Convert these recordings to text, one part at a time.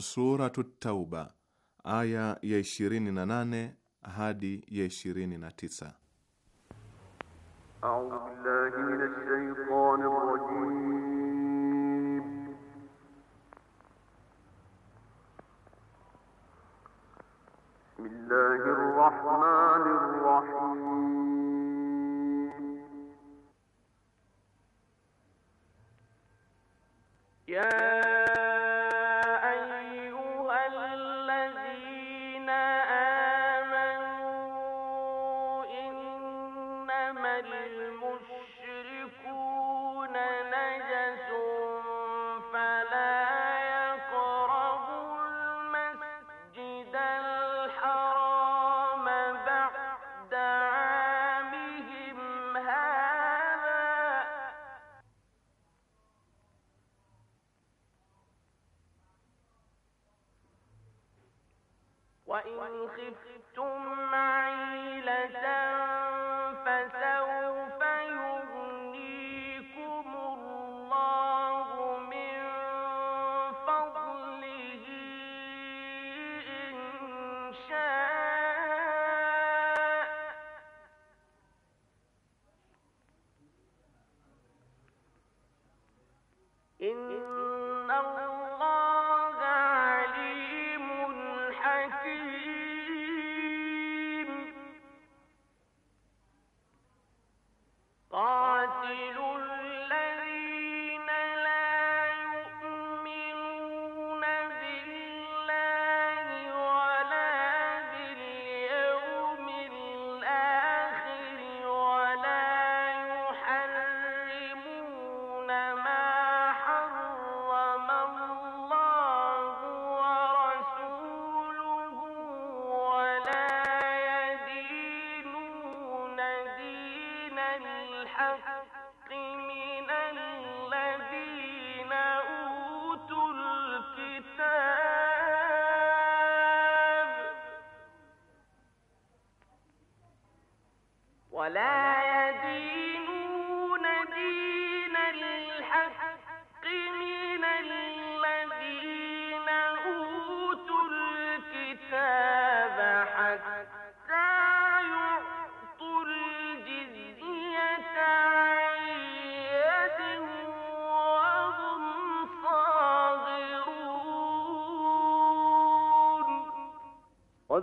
Suratu Tauba aya ya 28 hadi ya 29. A'udhu billahi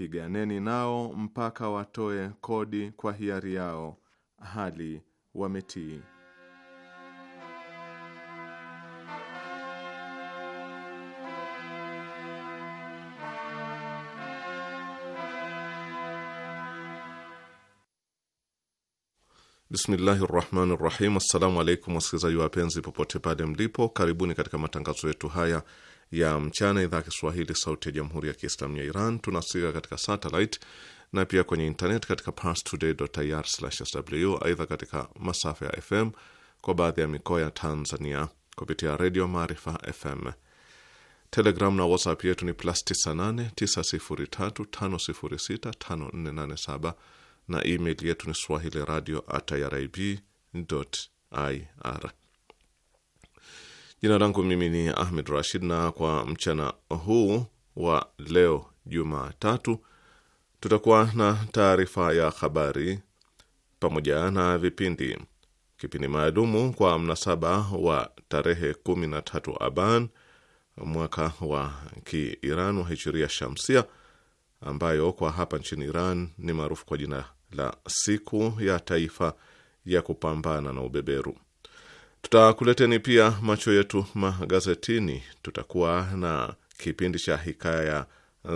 piganeni nao mpaka watoe kodi kwa hiari yao hali wametii. Bismillahi rahmani rahim. Assalamu alaikum wasikilizaji wapenzi, popote pale mlipo, karibuni katika matangazo yetu haya ya mchana, idhaa Kiswahili, sauti ya jamhuri ya kiislamu ya Iran. Tunasikika katika satelit na pia kwenye internet katika parstoday.ir/sw. Aidha, katika masafa ya FM kwa baadhi ya mikoa ya Tanzania kupitia redio Maarifa FM. Telegram na WhatsApp yetu ni plus 98 na email yetu ni swahili radio at irib ir Jina langu mimi ni Ahmed Rashid, na kwa mchana huu wa leo Jumatatu tutakuwa na taarifa ya habari pamoja na vipindi. Kipindi maalumu kwa mnasaba wa tarehe 13 Aban mwaka wa Kiiran wa hijiria shamsia, ambayo kwa hapa nchini Iran ni maarufu kwa jina la siku ya taifa ya kupambana na ubeberu. Tutakuleteni pia macho yetu magazetini, tutakuwa na kipindi cha hikaya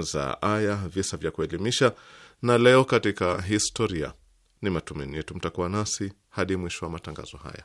za aya, visa vya kuelimisha na leo katika historia. Ni matumaini yetu mtakuwa nasi hadi mwisho wa matangazo haya.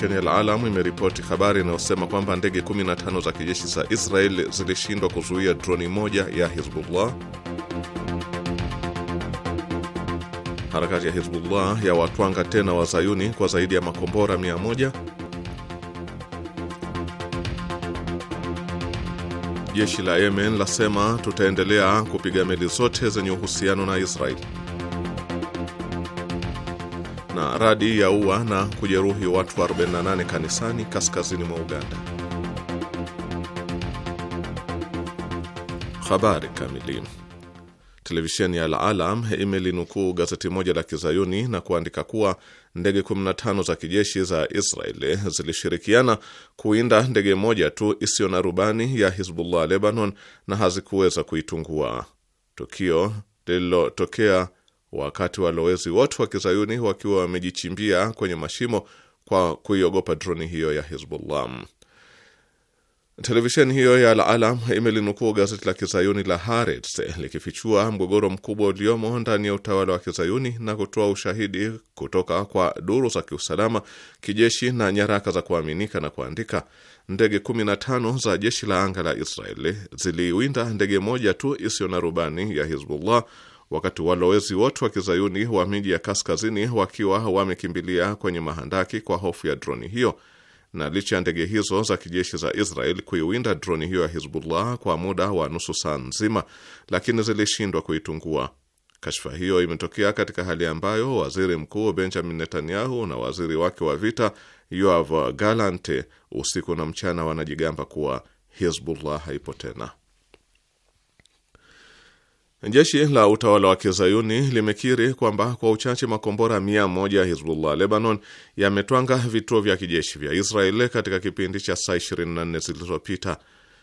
Televisheni ya Alalam imeripoti habari inayosema kwamba ndege 15 za kijeshi za Israel zilishindwa kuzuia droni moja ya Hizbullah. Harakati ya Hizbullah ya watwanga tena wazayuni kwa zaidi ya makombora 100. Jeshi la Yemen lasema tutaendelea kupiga meli zote zenye uhusiano na Israel radi ya ua na kujeruhi watu 48 kanisani kaskazini mwa Uganda. Habari kamili. Televisheni ya Al-Alam imelinukuu gazeti moja la kizayuni na kuandika kuwa ndege 15 za kijeshi za Israeli zilishirikiana kuinda ndege moja tu isiyo na rubani ya Hizbullah Lebanon na hazikuweza kuitungua. Tukio lililotokea wakati walowezi wote wa kizayuni wakiwa wamejichimbia kwenye mashimo kwa kuiogopa droni hiyo ya Hizbullah. Televisheni hiyo ya Al-Alam imelinukuu gazeti la kizayuni la Haaretz likifichua mgogoro mkubwa uliomo ndani ya utawala wa kizayuni na kutoa ushahidi kutoka kwa duru za kiusalama, kijeshi na nyaraka za kuaminika na kuandika. Ndege 15 za jeshi la anga la Israeli ziliiwinda ndege moja tu isiyo na rubani ya Hizbullah wakati walowezi wote wa kizayuni wa miji ya kaskazini wakiwa wamekimbilia kwenye mahandaki kwa hofu ya droni hiyo. Na licha ya ndege hizo za kijeshi za Israel kuiwinda droni hiyo ya Hizbullah kwa muda wa nusu saa nzima, lakini zilishindwa kuitungua. Kashfa hiyo imetokea katika hali ambayo waziri mkuu Benjamin Netanyahu na waziri wake wa vita Yoav Galante usiku na mchana wanajigamba kuwa Hizbullah haipo tena. Jeshi la utawala wa kizayuni limekiri kwamba kwa uchache makombora mia moja ya Hizbullah Lebanon yametwanga vituo vya kijeshi vya Israeli katika kipindi cha saa 24 zilizopita.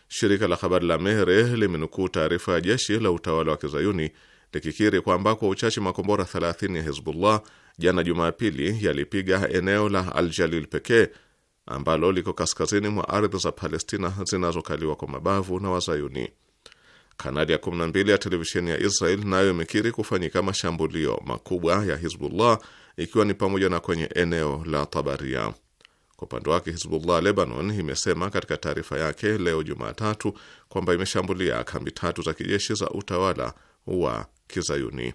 Shirika la habari la Mehre limenukuu taarifa ya jeshi la utawala wa kizayuni likikiri kwamba kwa uchache makombora 30 ya Hizbullah jana Jumapili yalipiga eneo la Al Jalil pekee ambalo liko kaskazini mwa ardhi za Palestina zinazokaliwa kwa mabavu na Wazayuni. Kanali ya 12 ya televisheni ya Israel nayo imekiri kufanyika mashambulio makubwa ya Hizbullah ikiwa ni pamoja na kwenye eneo la Tabaria. Kwa upande wake, Hizbullah Lebanon imesema katika taarifa yake leo Jumatatu kwamba imeshambulia kambi tatu za kijeshi za utawala wa Kizayuni.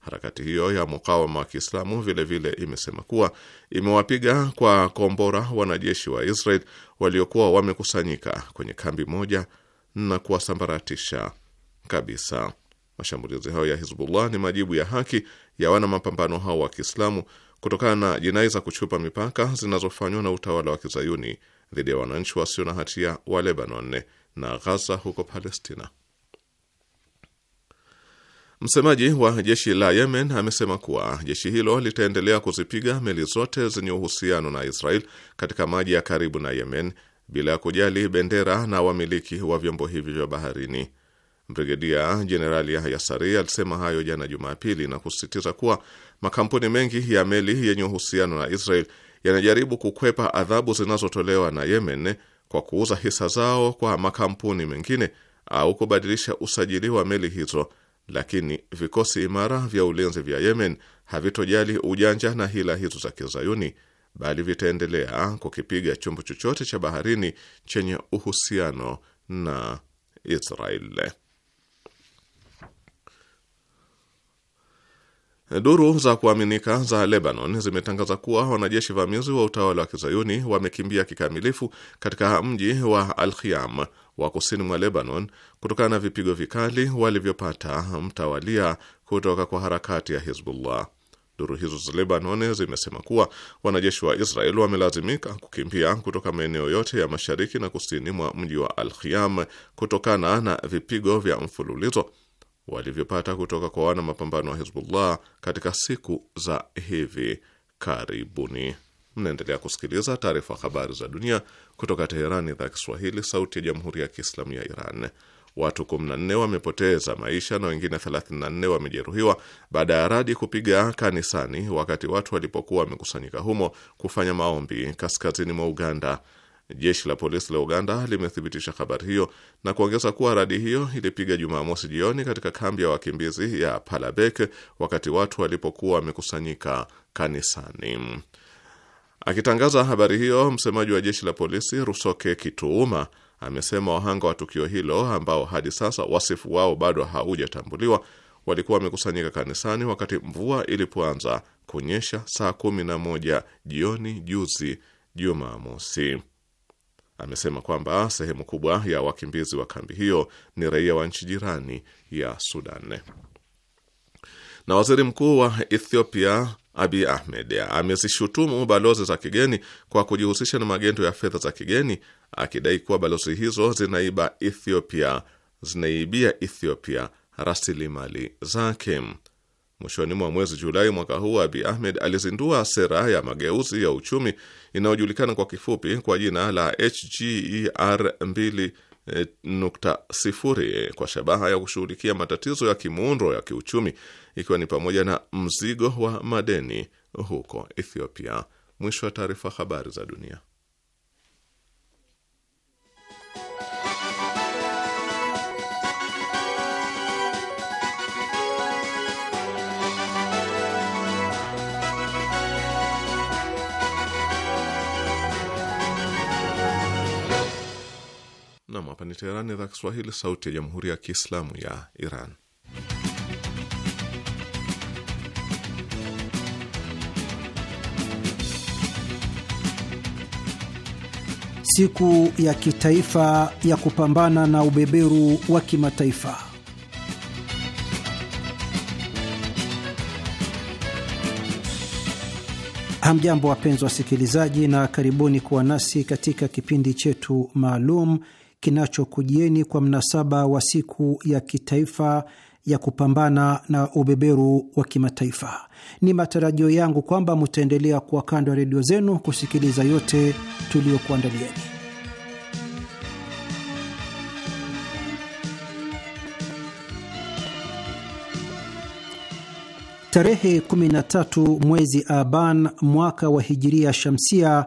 Harakati hiyo ya mukawama wa Kiislamu vilevile imesema kuwa imewapiga kwa kombora wanajeshi wa Israel waliokuwa wamekusanyika kwenye kambi moja na kuwasambaratisha kabisa. Mashambulizi hayo ya Hizbullah ni majibu ya haki ya wana mapambano hao wa Kiislamu kutokana na jinai za kuchupa mipaka zinazofanywa na utawala wa kizayuni dhidi ya wananchi wasio na hatia wa Lebanon na Ghaza huko Palestina. Msemaji wa jeshi la Yemen amesema kuwa jeshi hilo litaendelea kuzipiga meli zote zenye uhusiano na Israel katika maji ya karibu na Yemen bila ya kujali bendera na wamiliki wa vyombo hivi vya baharini. Brigedia Jenerali Yahya Sari alisema hayo jana Jumapili na kusisitiza kuwa makampuni mengi ya meli yenye uhusiano na Israel yanajaribu kukwepa adhabu zinazotolewa na Yemen kwa kuuza hisa zao kwa makampuni mengine au kubadilisha usajili wa meli hizo, lakini vikosi imara vya ulinzi vya Yemen havitojali ujanja na hila hizo za Kizayuni bali vitaendelea kukipiga chombo chochote cha baharini chenye uhusiano na Israel. Duru za kuaminika za Lebanon zimetangaza kuwa wanajeshi vamizi wa utawala wa kizayuni wamekimbia kikamilifu katika mji wa Al-Khiam wa kusini mwa Lebanon kutokana na vipigo vikali walivyopata mtawalia kutoka kwa harakati ya Hizbullah. Duru hizo za Lebanon zimesema kuwa wanajeshi wa Israel wamelazimika kukimbia kutoka maeneo yote ya mashariki na kusini mwa mji wa Al-Khiam kutokana na vipigo vya mfululizo walivyopata kutoka kwa wana mapambano wa Hizbullah katika siku za hivi karibuni. Mnaendelea kusikiliza taarifa habari za dunia kutoka Teherani, idhaa Kiswahili, sauti ya jamhuri ya kiislamu ya Iran. Watu 14 wamepoteza maisha na wengine 34 wamejeruhiwa baada ya radi kupiga kanisani wakati watu walipokuwa wamekusanyika humo kufanya maombi kaskazini mwa Uganda. Jeshi la polisi la Uganda limethibitisha habari hiyo na kuongeza kuwa radi hiyo ilipiga Jumamosi jioni katika kambi ya wakimbizi ya Palabek wakati watu walipokuwa wamekusanyika kanisani. Akitangaza habari hiyo, msemaji wa jeshi la polisi Rusoke Kituuma amesema wahanga wa tukio hilo ambao hadi sasa wasifu wao bado haujatambuliwa walikuwa wamekusanyika kanisani wakati mvua ilipoanza kunyesha saa kumi na moja jioni juzi Jumamosi. Amesema kwamba sehemu kubwa ya wakimbizi wa kambi hiyo ni raia wa nchi jirani ya Sudan. Na waziri mkuu wa Ethiopia Abi Ahmed amezishutumu balozi za kigeni kwa kujihusisha na magendo ya fedha za kigeni, akidai kuwa balozi hizo zinaiba Ethiopia, zinaibia Ethiopia rasilimali zake. Mwishoni mwa mwezi Julai mwaka huu, Abi Ahmed alizindua sera ya mageuzi ya uchumi inayojulikana kwa kifupi kwa jina la HGER 2 Eh, nukta sifuri eh, kwa shabaha ya kushughulikia matatizo ya kimuundo ya kiuchumi ikiwa ni pamoja na mzigo wa madeni huko Ethiopia. Mwisho wa taarifa. Habari za dunia. Nam, hapa ni Teherani, idhaa Kiswahili, sauti ya jamhuri ya kiislamu ya Iran. Siku ya kitaifa ya kupambana na ubeberu wa kimataifa. Hamjambo, wapenzi wasikilizaji, na karibuni kuwa nasi katika kipindi chetu maalum kinachokujieni kwa mnasaba wa siku ya kitaifa ya kupambana na ubeberu wa kimataifa. Ni matarajio yangu kwamba mutaendelea kuwa kando ya redio zenu kusikiliza yote tuliyokuandalieni. Tarehe 13 mwezi Aban mwaka wa hijiria shamsia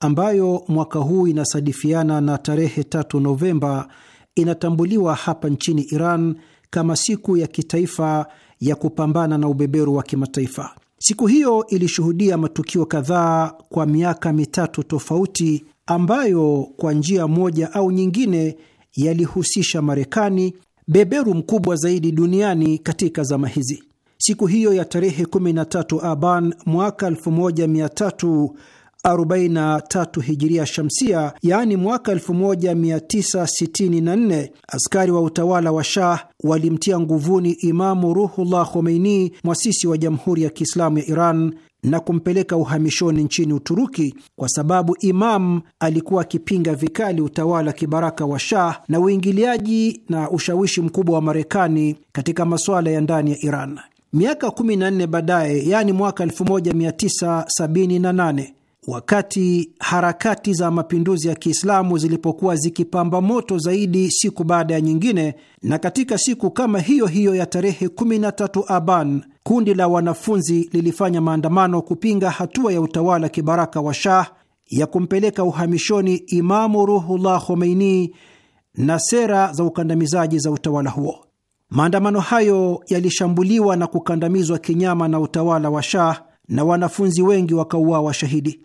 ambayo mwaka huu inasadifiana na tarehe 3 Novemba, inatambuliwa hapa nchini Iran kama siku ya kitaifa ya kupambana na ubeberu wa kimataifa. Siku hiyo ilishuhudia matukio kadhaa kwa miaka mitatu tofauti ambayo kwa njia moja au nyingine yalihusisha Marekani, beberu mkubwa zaidi duniani katika zama hizi. Siku hiyo ya tarehe 13 Aban mwaka 43 hijiria shamsia, yaani mwaka 1964, askari wa utawala wa Shah walimtia nguvuni Imamu Ruhullah Khomeini, mwasisi wa Jamhuri ya Kiislamu ya Iran na kumpeleka uhamishoni nchini Uturuki kwa sababu Imam alikuwa akipinga vikali utawala kibaraka wa Shah na uingiliaji na ushawishi mkubwa wa Marekani katika masuala ya ndani ya Iran. Miaka 14 baadaye, yaani mwaka 1978, Wakati harakati za mapinduzi ya Kiislamu zilipokuwa zikipamba moto zaidi siku baada ya nyingine, na katika siku kama hiyo hiyo ya tarehe 13 Aban, kundi la wanafunzi lilifanya maandamano kupinga hatua ya utawala kibaraka wa Shah ya kumpeleka uhamishoni Imamu Ruhullah Khomeini na sera za ukandamizaji za utawala huo. Maandamano hayo yalishambuliwa na kukandamizwa kinyama na utawala wa Shah na wanafunzi wengi wakauawa shahidi.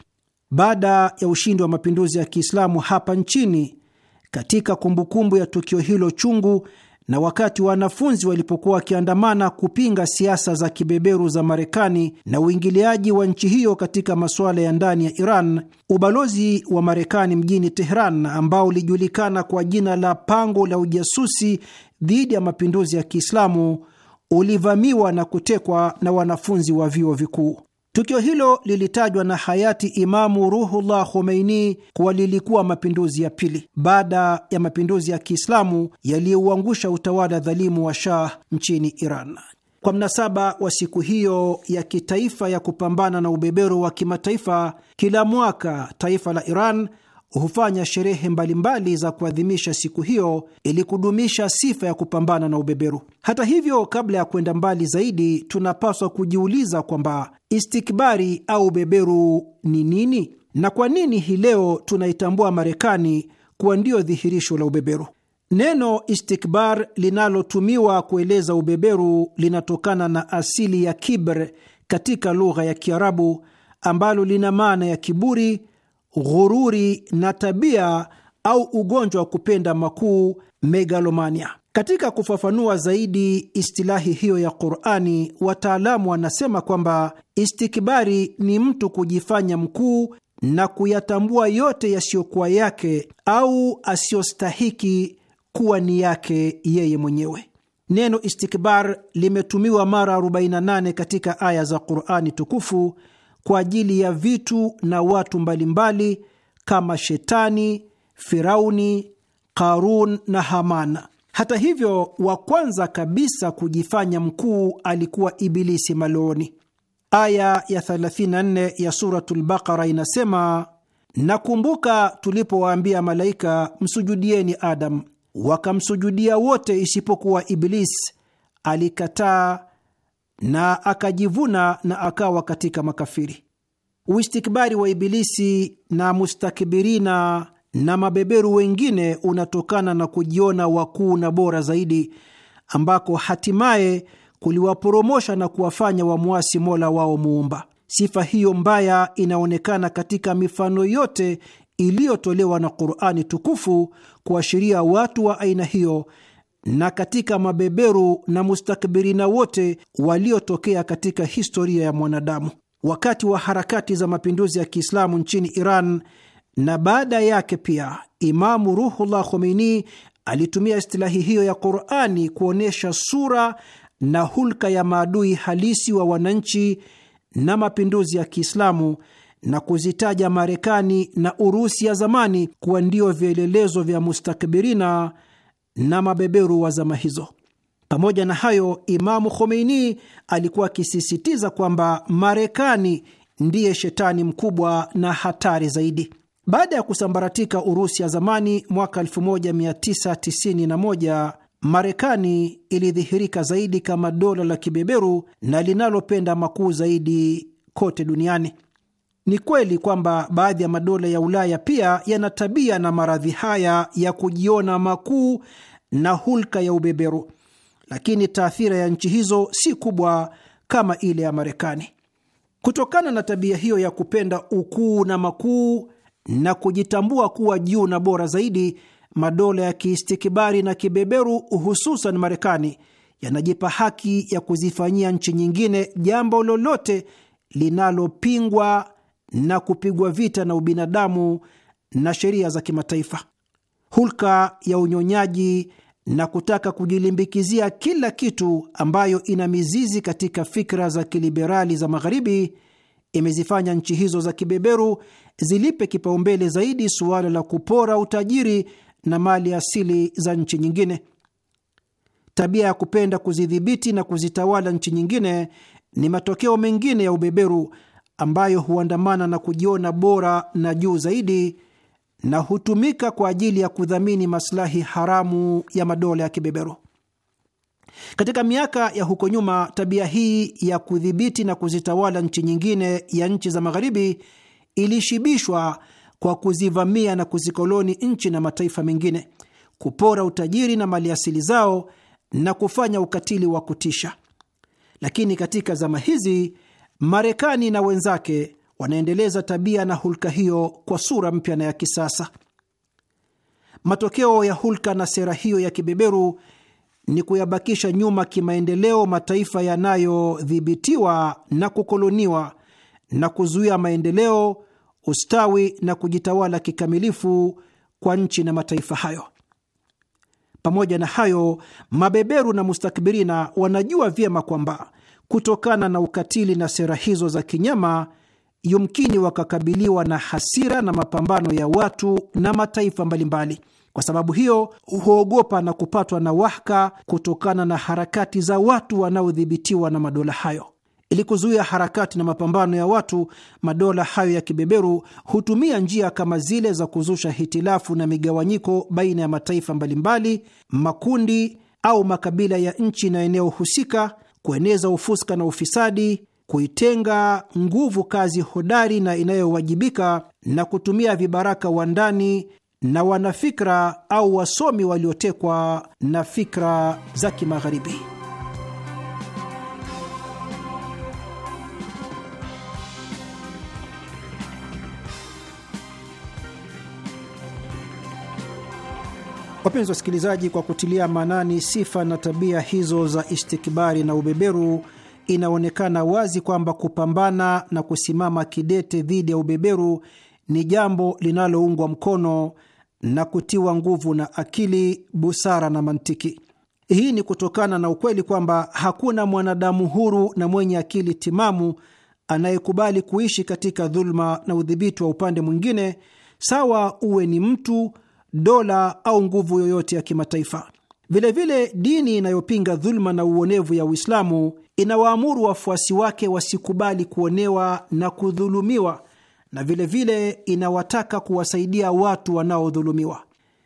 Baada ya ushindi wa mapinduzi ya Kiislamu hapa nchini, katika kumbukumbu ya tukio hilo chungu na wakati wanafunzi walipokuwa wakiandamana kupinga siasa za kibeberu za Marekani na uingiliaji wa nchi hiyo katika masuala ya ndani ya Iran, ubalozi wa Marekani mjini Tehran, ambao ulijulikana kwa jina la pango la ujasusi dhidi ya mapinduzi ya Kiislamu, ulivamiwa na kutekwa na wanafunzi wa vyuo vikuu. Tukio hilo lilitajwa na hayati Imamu Ruhullah Khomeini kuwa lilikuwa mapinduzi ya pili baada ya mapinduzi ya Kiislamu yaliyouangusha utawala dhalimu wa Shah nchini Iran. Kwa mnasaba wa siku hiyo ya kitaifa ya kupambana na ubeberu wa kimataifa, kila mwaka taifa la Iran hufanya sherehe mbalimbali za kuadhimisha siku hiyo ili kudumisha sifa ya kupambana na ubeberu. Hata hivyo, kabla ya kwenda mbali zaidi, tunapaswa kujiuliza kwamba istikbari au ubeberu ni nini na kwa nini hii leo tunaitambua Marekani kuwa ndio dhihirisho la ubeberu. Neno istikbar linalotumiwa kueleza ubeberu linatokana na asili ya kibr katika lugha ya Kiarabu ambalo lina maana ya kiburi ghururi na tabia au ugonjwa wa kupenda makuu, megalomania. Katika kufafanua zaidi istilahi hiyo ya Qur'ani, wataalamu wanasema kwamba istikibari ni mtu kujifanya mkuu na kuyatambua yote yasiyokuwa yake au asiyostahiki kuwa ni yake yeye mwenyewe. Neno istikbar limetumiwa mara 48 katika aya za Qur'ani tukufu kwa ajili ya vitu na watu mbalimbali kama Shetani, Firauni, Karun na Hamana. Hata hivyo, wa kwanza kabisa kujifanya mkuu alikuwa Ibilisi maloni. Aya ya 34 ya Suratul Baqara inasema, nakumbuka tulipowaambia malaika msujudieni Adamu, wakamsujudia wote isipokuwa iblisi alikataa na akajivuna na akawa katika makafiri. Uistikbari wa Ibilisi na mustakbirina na mabeberu wengine unatokana na kujiona wakuu na bora zaidi, ambako hatimaye kuliwaporomosha na kuwafanya wamwasi Mola wao Muumba. Sifa hiyo mbaya inaonekana katika mifano yote iliyotolewa na Kurani tukufu kuashiria watu wa aina hiyo na katika mabeberu na mustakbirina wote waliotokea katika historia ya mwanadamu. Wakati wa harakati za mapinduzi ya Kiislamu nchini Iran na baada yake pia, Imamu Ruhullah Khomeini alitumia istilahi hiyo ya Qurani kuonyesha sura na hulka ya maadui halisi wa wananchi na mapinduzi ya Kiislamu na kuzitaja Marekani na Urusi ya zamani kuwa ndio vielelezo vya mustakbirina na mabeberu wa zama hizo. Pamoja na hayo, Imamu Khomeini alikuwa akisisitiza kwamba Marekani ndiye shetani mkubwa na hatari zaidi. Baada ya kusambaratika Urusi ya zamani mwaka 1991, Marekani ilidhihirika zaidi kama dola la kibeberu na linalopenda makuu zaidi kote duniani. Ni kweli kwamba baadhi ya madola ya Ulaya pia yana tabia na maradhi haya ya kujiona makuu na hulka ya ubeberu, lakini taathira ya nchi hizo si kubwa kama ile ya Marekani. Kutokana na tabia hiyo ya kupenda ukuu na makuu na kujitambua kuwa juu na bora zaidi, madola ya kiistikibari na kibeberu, hususan Marekani, yanajipa haki ya kuzifanyia nchi nyingine jambo lolote linalopingwa na kupigwa vita na ubinadamu na sheria za kimataifa, hulka ya unyonyaji na kutaka kujilimbikizia kila kitu ambayo ina mizizi katika fikra za kiliberali za Magharibi imezifanya nchi hizo za kibeberu zilipe kipaumbele zaidi suala la kupora utajiri na mali asili za nchi nyingine. Tabia ya kupenda kuzidhibiti na kuzitawala nchi nyingine ni matokeo mengine ya ubeberu ambayo huandamana na kujiona bora na juu zaidi na hutumika kwa ajili ya kudhamini maslahi haramu ya madola ya kibebero Katika miaka ya huko nyuma, tabia hii ya kudhibiti na kuzitawala nchi nyingine ya nchi za Magharibi ilishibishwa kwa kuzivamia na kuzikoloni nchi na mataifa mengine, kupora utajiri na maliasili zao na kufanya ukatili wa kutisha. Lakini katika zama hizi Marekani na wenzake wanaendeleza tabia na hulka hiyo kwa sura mpya na ya kisasa. Matokeo ya hulka na sera hiyo ya kibeberu ni kuyabakisha nyuma kimaendeleo mataifa yanayodhibitiwa na kukoloniwa na kuzuia maendeleo, ustawi na kujitawala kikamilifu kwa nchi na mataifa hayo. Pamoja na hayo, mabeberu na mustakbirina wanajua vyema kwamba Kutokana na ukatili na sera hizo za kinyama, yumkini wakakabiliwa na hasira na mapambano ya watu na mataifa mbalimbali. Kwa sababu hiyo, huogopa na kupatwa na wahaka kutokana na harakati za watu wanaodhibitiwa na madola hayo. Ili kuzuia harakati na mapambano ya watu, madola hayo ya kibeberu hutumia njia kama zile za kuzusha hitilafu na migawanyiko baina ya mataifa mbalimbali, makundi au makabila ya nchi na eneo husika kueneza ufuska na ufisadi, kuitenga nguvu kazi hodari na inayowajibika na kutumia vibaraka wa ndani na wanafikra au wasomi waliotekwa na fikra za Kimagharibi. Wapenzi wasikilizaji, kwa kutilia maanani sifa na tabia hizo za istikibari na ubeberu, inaonekana wazi kwamba kupambana na kusimama kidete dhidi ya ubeberu ni jambo linaloungwa mkono na kutiwa nguvu na akili, busara na mantiki. Hii ni kutokana na ukweli kwamba hakuna mwanadamu huru na mwenye akili timamu anayekubali kuishi katika dhuluma na udhibiti wa upande mwingine, sawa uwe ni mtu dola au nguvu yoyote ya kimataifa. Vilevile, dini inayopinga dhuluma na uonevu ya Uislamu inawaamuru wafuasi wake wasikubali kuonewa na kudhulumiwa, na vilevile vile inawataka kuwasaidia watu wanaodhulumiwa.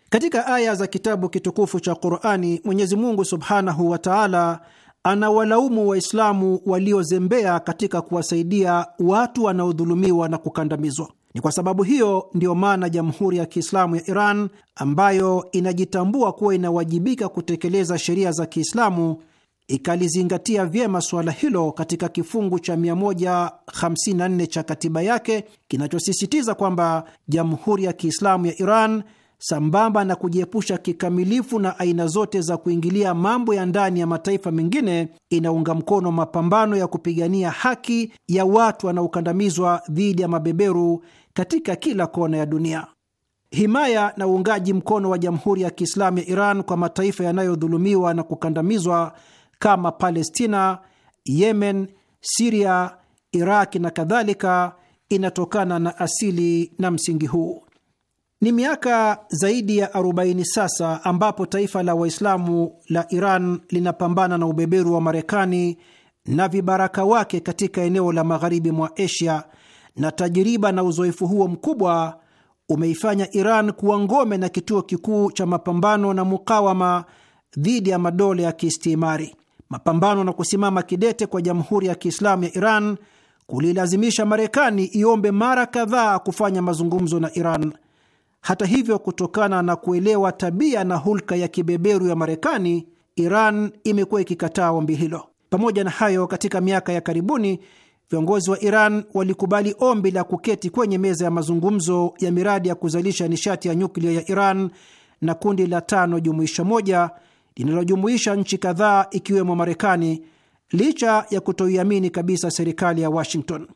Katika aya za kitabu kitukufu cha Qurani, Mwenyezi Mungu subhanahu wa taala anawalaumu Waislamu waliozembea katika kuwasaidia watu wanaodhulumiwa na kukandamizwa. Ni kwa sababu hiyo ndiyo maana Jamhuri ya Kiislamu ya Iran ambayo inajitambua kuwa inawajibika kutekeleza sheria za Kiislamu ikalizingatia vyema suala hilo katika kifungu cha 154 cha katiba yake kinachosisitiza kwamba Jamhuri ya Kiislamu ya Iran sambamba na kujiepusha kikamilifu na aina zote za kuingilia mambo ya ndani ya mataifa mengine, inaunga mkono mapambano ya kupigania haki ya watu wanaokandamizwa dhidi ya mabeberu katika kila kona ya dunia. Himaya na uungaji mkono wa Jamhuri ya Kiislamu ya Iran kwa mataifa yanayodhulumiwa na kukandamizwa kama Palestina, Yemen, Siria, Iraki na kadhalika inatokana na asili na msingi huu. Ni miaka zaidi ya 40 sasa ambapo taifa la Waislamu la Iran linapambana na ubeberu wa Marekani na vibaraka wake katika eneo la magharibi mwa Asia, na tajiriba na uzoefu huo mkubwa umeifanya Iran kuwa ngome na kituo kikuu cha mapambano na mukawama dhidi ya madola ya kiistimari. Mapambano na kusimama kidete kwa Jamhuri ya Kiislamu ya Iran kulilazimisha Marekani iombe mara kadhaa kufanya mazungumzo na Iran. Hata hivyo, kutokana na kuelewa tabia na hulka ya kibeberu ya Marekani, Iran imekuwa ikikataa ombi hilo. Pamoja na hayo, katika miaka ya karibuni viongozi wa Iran walikubali ombi la kuketi kwenye meza ya mazungumzo ya miradi ya kuzalisha nishati ya nyuklia ya Iran na kundi la tano jumuisha moja linalojumuisha nchi kadhaa ikiwemo Marekani, licha ya kutoiamini kabisa serikali ya Washington.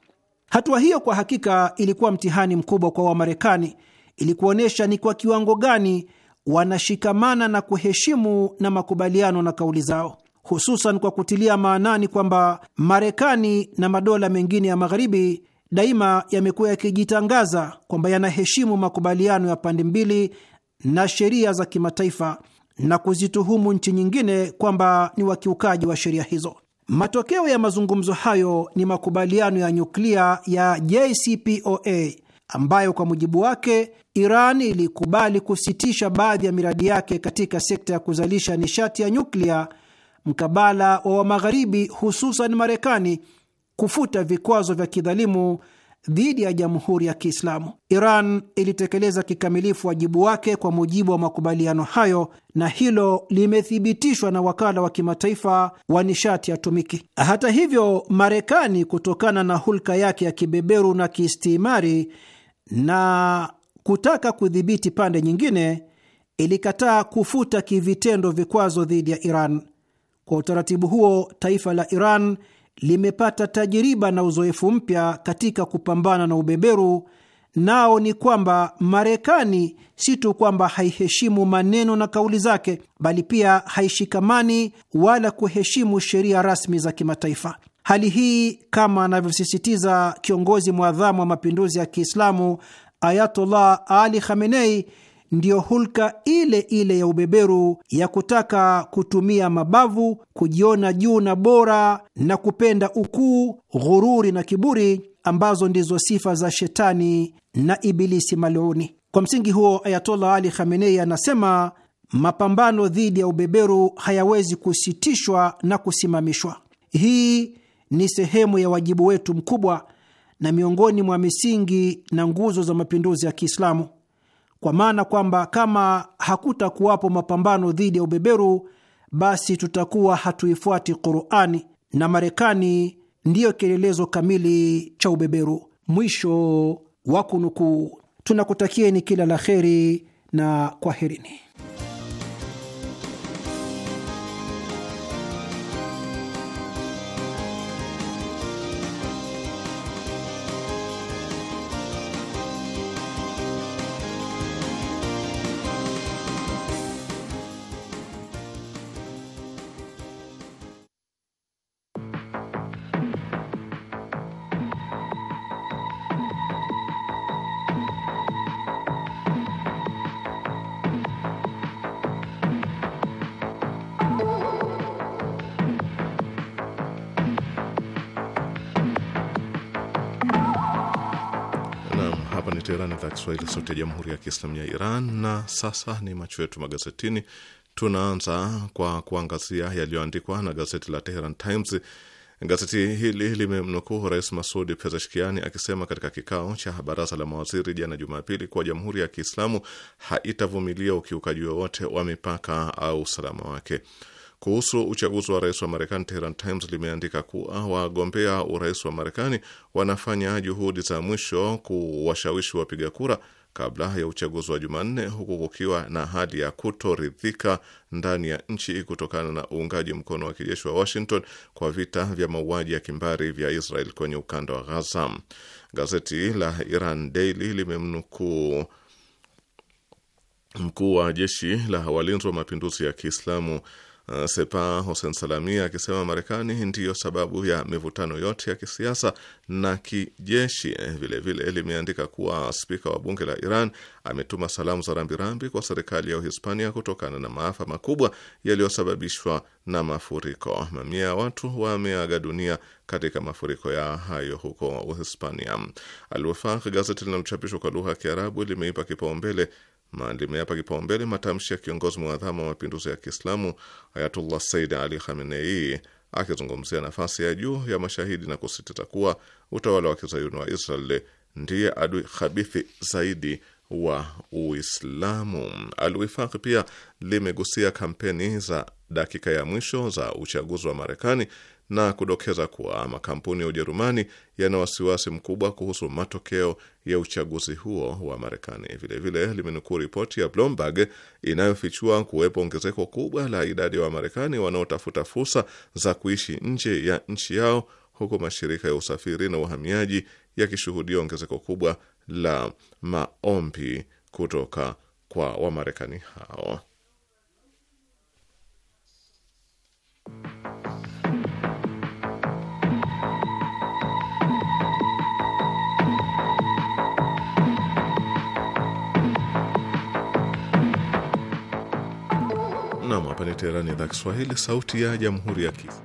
Hatua hiyo kwa hakika ilikuwa mtihani mkubwa kwa Wamarekani ili kuonyesha ni kwa kiwango gani wanashikamana na kuheshimu na makubaliano na kauli zao, hususan kwa kutilia maanani kwamba Marekani na madola mengine ya Magharibi daima yamekuwa yakijitangaza kwamba yanaheshimu makubaliano ya pande mbili na sheria za kimataifa na kuzituhumu nchi nyingine kwamba ni wakiukaji wa sheria hizo. Matokeo ya mazungumzo hayo ni makubaliano ya nyuklia ya JCPOA ambayo kwa mujibu wake Iran ilikubali kusitisha baadhi ya miradi yake katika sekta ya kuzalisha nishati ya nyuklia mkabala wa Wamagharibi, hususan Marekani kufuta vikwazo vya kidhalimu dhidi ya Jamhuri ya Kiislamu. Iran ilitekeleza kikamilifu wajibu wake kwa mujibu wa makubaliano hayo, na hilo limethibitishwa na wakala wa kimataifa wa nishati atomiki. Hata hivyo, Marekani kutokana na hulka yake ya kibeberu na kiistimari na kutaka kudhibiti pande nyingine, ilikataa kufuta kivitendo vikwazo dhidi ya Iran. Kwa utaratibu huo, taifa la Iran limepata tajiriba na uzoefu mpya katika kupambana na ubeberu, nao ni kwamba Marekani si tu kwamba haiheshimu maneno na kauli zake, bali pia haishikamani wala kuheshimu sheria rasmi za kimataifa. Hali hii kama anavyosisitiza kiongozi mwadhamu wa mapinduzi ya Kiislamu Ayatollah Ali Khamenei, ndiyo hulka ile ile ya ubeberu ya kutaka kutumia mabavu, kujiona juu na bora na kupenda ukuu, ghururi na kiburi, ambazo ndizo sifa za shetani na ibilisi maluni. Kwa msingi huo, Ayatollah Ali Khamenei anasema mapambano dhidi ya ubeberu hayawezi kusitishwa na kusimamishwa. Hii ni sehemu ya wajibu wetu mkubwa na miongoni mwa misingi na nguzo za mapinduzi ya Kiislamu, kwa maana kwamba kama hakutakuwapo mapambano dhidi ya ubeberu, basi tutakuwa hatuifuati Qurani na Marekani ndiyo kielelezo kamili cha ubeberu. Mwisho wa kunukuu. Tunakutakieni kila la kheri na kwaherini. sauti ya jamhuri ya kiislamu ya Iran. Na sasa ni macho yetu magazetini. Tunaanza kwa kuangazia yaliyoandikwa na gazeti la Teheran Times. Gazeti hili limemnukuu Rais Masudi Pezeshkiani akisema katika kikao cha baraza la mawaziri jana Jumapili kuwa jamhuri ya Kiislamu haitavumilia ukiukaji wowote wa mipaka au usalama wake. Kuhusu uchaguzi wa rais wa Marekani, Tehran Times limeandika kuwa wagombea urais wa Marekani wanafanya juhudi za mwisho kuwashawishi wapiga kura kabla ya uchaguzi wa Jumanne, huku kukiwa na hali ya kutoridhika ndani ya nchi kutokana na uungaji mkono wa kijeshi wa Washington kwa vita vya mauaji ya kimbari vya Israel kwenye ukanda wa Gaza. Gazeti la Iran Daily limemnukuu mkuu wa jeshi la walinzi wa mapinduzi ya Kiislamu Uh, Sepa Hussein Salamia akisema Marekani ndiyo sababu ya mivutano yote ya kisiasa na kijeshi. Vilevile eh, limeandika kuwa spika wa bunge la Iran ametuma salamu za rambirambi kwa serikali ya Uhispania kutokana na maafa makubwa yaliyosababishwa na mafuriko. Mamia ya watu wameaga dunia katika mafuriko ya hayo huko Uhispania. Al gazeti linalochapishwa kwa lugha ya Kiarabu, limeipa kipaumbele limeyapa kipaumbele matamshi ya kiongozi mwadhamu wa mapinduzi ya Kiislamu Ayatullah Said Ali Khamenei akizungumzia nafasi ya juu ya mashahidi na kusisitiza kuwa utawala wa kizayuni wa Israel ndiye adui khabithi zaidi wa Uislamu. Alwifaq pia limegusia kampeni za dakika ya mwisho za uchaguzi wa Marekani na kudokeza kuwa makampuni ya Ujerumani yana wasiwasi mkubwa kuhusu matokeo ya uchaguzi huo wa Marekani. Vilevile limenukuu ripoti ya Bloomberg inayofichua kuwepo ongezeko kubwa la idadi ya wa Wamarekani wanaotafuta fursa za kuishi nje ya nchi yao, huku mashirika ya usafiri na uhamiaji yakishuhudia ongezeko kubwa la maombi kutoka kwa Wamarekani hao. Hapa ni Teherani, idhaa Kiswahili, sauti ya jamhuri ya Kiislamu.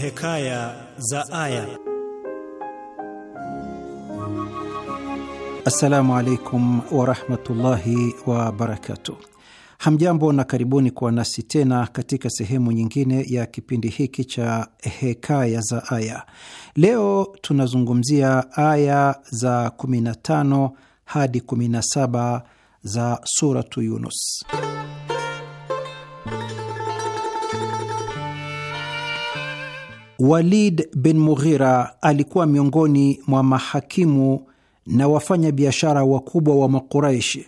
Hekaya za Aya. Assalamu alaikum warahmatullahi wabarakatuh. Hamjambo na karibuni kuwa nasi tena katika sehemu nyingine ya kipindi hiki cha Hekaya za Aya. Leo tunazungumzia aya za 15 hadi 17 za Suratu Yunus. Walid bin Mughira alikuwa miongoni mwa mahakimu na wafanyabiashara wakubwa wa Makuraishi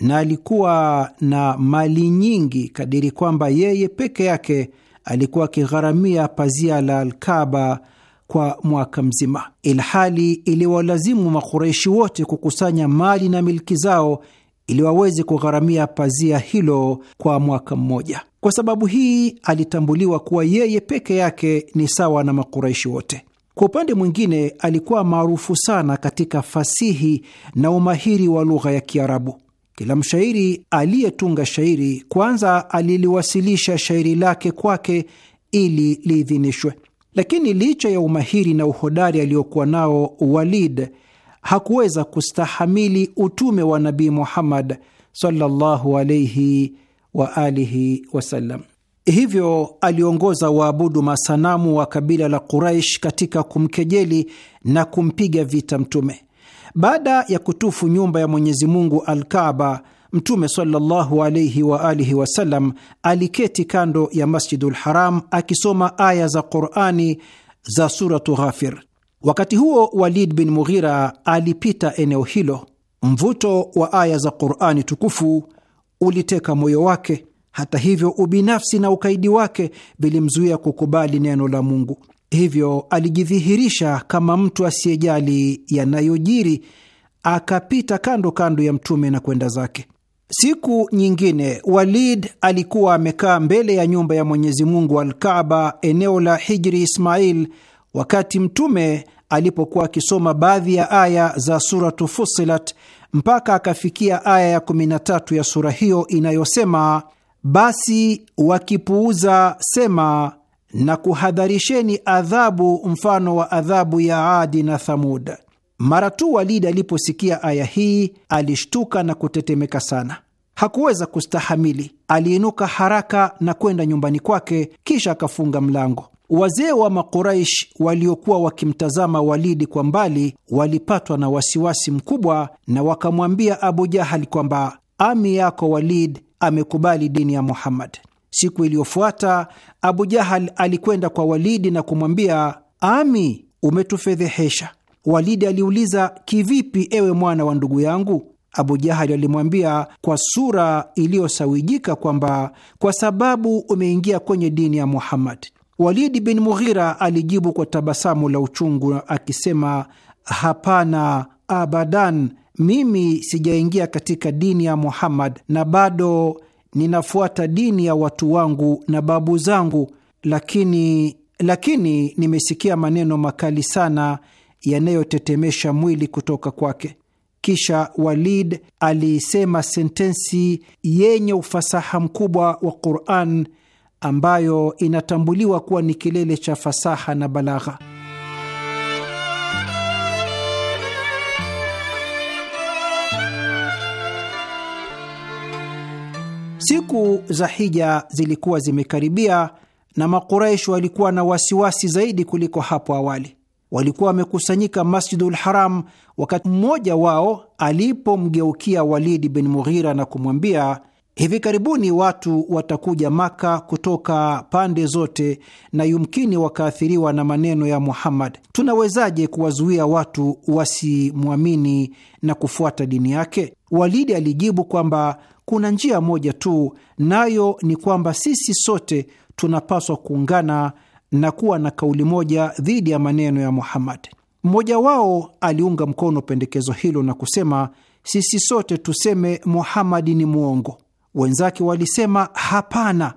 na alikuwa na mali nyingi kadiri kwamba yeye peke yake alikuwa akigharamia pazia la Alkaba kwa mwaka mzima, ilhali iliwalazimu Makureshi wote kukusanya mali na milki zao ili waweze kugharamia pazia hilo kwa mwaka mmoja. Kwa sababu hii alitambuliwa kuwa yeye peke yake ni sawa na Makuraishi wote. Kwa upande mwingine, alikuwa maarufu sana katika fasihi na umahiri wa lugha ya Kiarabu. Kila mshairi aliyetunga shairi kwanza aliliwasilisha shairi lake kwake ili liidhinishwe. Lakini licha ya umahiri na uhodari aliokuwa nao Walid hakuweza kustahamili utume wa Nabii Muhammad sallallahu alaihi wa alihi wasallam. Hivyo aliongoza waabudu masanamu wa kabila la Quraish katika kumkejeli na kumpiga vita Mtume. Baada ya kutufu nyumba ya Mwenyezi Mungu Mtume sallallahu alaihi wa alihi wasallam aliketi kando ya Masjidul Haram akisoma aya za Qurani za Suratu Ghafir. Wakati huo Walid bin Mughira alipita eneo hilo. Mvuto wa aya za Qurani tukufu uliteka moyo wake. Hata hivyo, ubinafsi na ukaidi wake vilimzuia kukubali neno la Mungu. Hivyo alijidhihirisha kama mtu asiyejali yanayojiri, akapita kando kando ya Mtume na kwenda zake. Siku nyingine Walid alikuwa amekaa mbele ya nyumba ya Mwenyezi Mungu eneo la Hijri Ismail, wakati Mtume alipokuwa akisoma baadhi ya aya za Suratu Fusilat mpaka akafikia aya ya 13 ya sura hiyo inayosema, basi wakipuuza sema na kuhadharisheni adhabu mfano wa adhabu ya Adi na Thamud. Mara tu Walidi aliposikia aya hii alishtuka na kutetemeka sana. Hakuweza kustahamili, aliinuka haraka na kwenda nyumbani kwake, kisha akafunga mlango. Wazee wa Makuraish waliokuwa wakimtazama Walidi kwa mbali walipatwa na wasiwasi mkubwa na wakamwambia Abu Jahali kwamba ami yako Walid amekubali dini ya Muhammad. Siku iliyofuata Abu Jahal alikwenda kwa Walidi na kumwambia, ami, umetufedhehesha. Walidi aliuliza, kivipi ewe mwana wa ndugu yangu? Abu Jahali alimwambia kwa sura iliyosawijika kwamba kwa sababu umeingia kwenye dini ya Muhammad. Walidi bin Mughira alijibu kwa tabasamu la uchungu akisema, hapana, abadan, mimi sijaingia katika dini ya Muhammad na bado ninafuata dini ya watu wangu na babu zangu, lakini lakini nimesikia maneno makali sana yanayotetemesha mwili kutoka kwake. Kisha Walid aliisema sentensi yenye ufasaha mkubwa wa Quran ambayo inatambuliwa kuwa ni kilele cha fasaha na balagha. Siku za hija zilikuwa zimekaribia na Makuraish walikuwa na wasiwasi zaidi kuliko hapo awali. Walikuwa wamekusanyika Masjidul Haram wakati mmoja wao alipomgeukia Walidi bin Mughira na kumwambia, hivi karibuni watu watakuja Maka kutoka pande zote na yumkini wakaathiriwa na maneno ya Muhammad. Tunawezaje kuwazuia watu wasimwamini na kufuata dini yake? Walidi alijibu kwamba kuna njia moja tu, nayo ni kwamba sisi sote tunapaswa kuungana na kuwa na kauli moja dhidi ya maneno ya Muhammad. Mmoja wao aliunga mkono pendekezo hilo na kusema, sisi sote tuseme muhamadi ni mwongo. Wenzake walisema, hapana,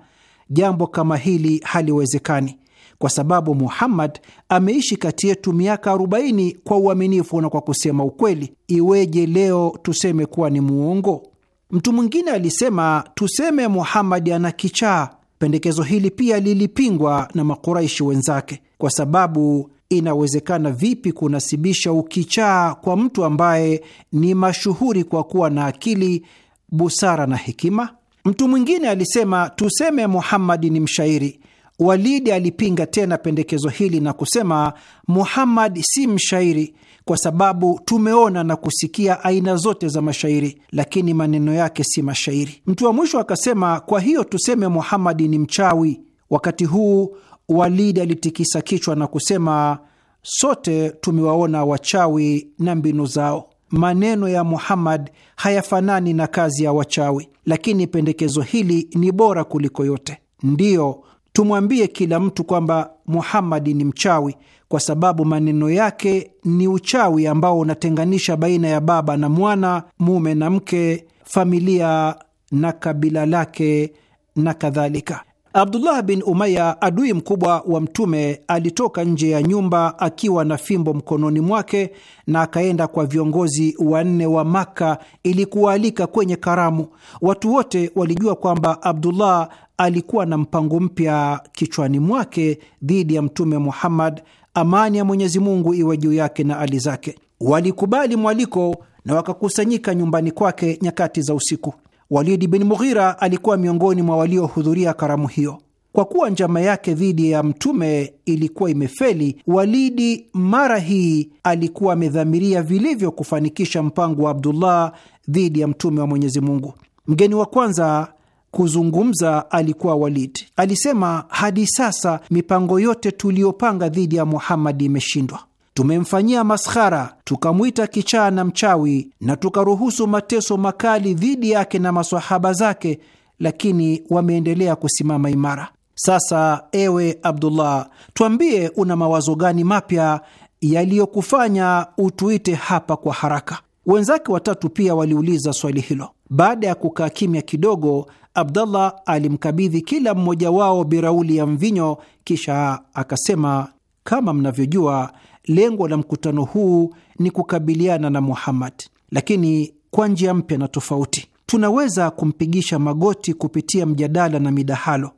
jambo kama hili haliwezekani kwa sababu Muhammad ameishi kati yetu miaka 40 kwa uaminifu na kwa kusema ukweli. Iweje leo tuseme kuwa ni muongo? Mtu mwingine alisema tuseme Muhamadi ana kichaa. Pendekezo hili pia lilipingwa na Makuraishi wenzake kwa sababu inawezekana vipi kunasibisha ukichaa kwa mtu ambaye ni mashuhuri kwa kuwa na akili, busara na hekima? Mtu mwingine alisema tuseme muhamadi ni mshairi. Walidi alipinga tena pendekezo hili na kusema muhamadi si mshairi, kwa sababu tumeona na kusikia aina zote za mashairi, lakini maneno yake si mashairi. Mtu wa mwisho akasema, kwa hiyo tuseme Muhamadi ni mchawi. Wakati huu Walidi alitikisa kichwa na kusema, sote tumewaona wachawi na mbinu zao. Maneno ya Muhammad hayafanani na kazi ya wachawi, lakini pendekezo hili ni bora kuliko yote. Ndiyo, tumwambie kila mtu kwamba muhamadi ni mchawi, kwa sababu maneno yake ni uchawi ambao unatenganisha baina ya baba na mwana, mume na mke, familia na kabila lake na kadhalika. Abdullah bin Umaya, adui mkubwa wa Mtume, alitoka nje ya nyumba akiwa na fimbo mkononi mwake na akaenda kwa viongozi wanne wa Makka ili kuwaalika kwenye karamu. Watu wote walijua kwamba Abdullah alikuwa na mpango mpya kichwani mwake dhidi ya Mtume Muhammad amani ya Mwenyezi Mungu iwe juu yake na ali zake. Walikubali mwaliko na wakakusanyika nyumbani kwake nyakati za usiku. Walidi bin Mughira alikuwa miongoni mwa waliohudhuria karamu hiyo. Kwa kuwa njama yake dhidi ya mtume ilikuwa imefeli, Walidi mara hii alikuwa amedhamiria vilivyo kufanikisha mpango wa Abdullah dhidi ya mtume wa Mwenyezi Mungu. Mgeni wa kwanza kuzungumza alikuwa Walid. Alisema, hadi sasa mipango yote tuliyopanga dhidi ya Muhammadi imeshindwa. Tumemfanyia maskhara, tukamwita kichaa na mchawi, na tukaruhusu mateso makali dhidi yake na masahaba zake, lakini wameendelea kusimama imara. Sasa ewe Abdullah, twambie una mawazo gani mapya yaliyokufanya utuite hapa kwa haraka? Wenzake watatu pia waliuliza swali hilo. Baada ya kukaa kimya kidogo, Abdallah alimkabidhi kila mmoja wao birauli ya mvinyo, kisha akasema, kama mnavyojua, lengo la mkutano huu ni kukabiliana na Muhammad, lakini kwa njia mpya na tofauti. Tunaweza kumpigisha magoti kupitia mjadala na midahalo.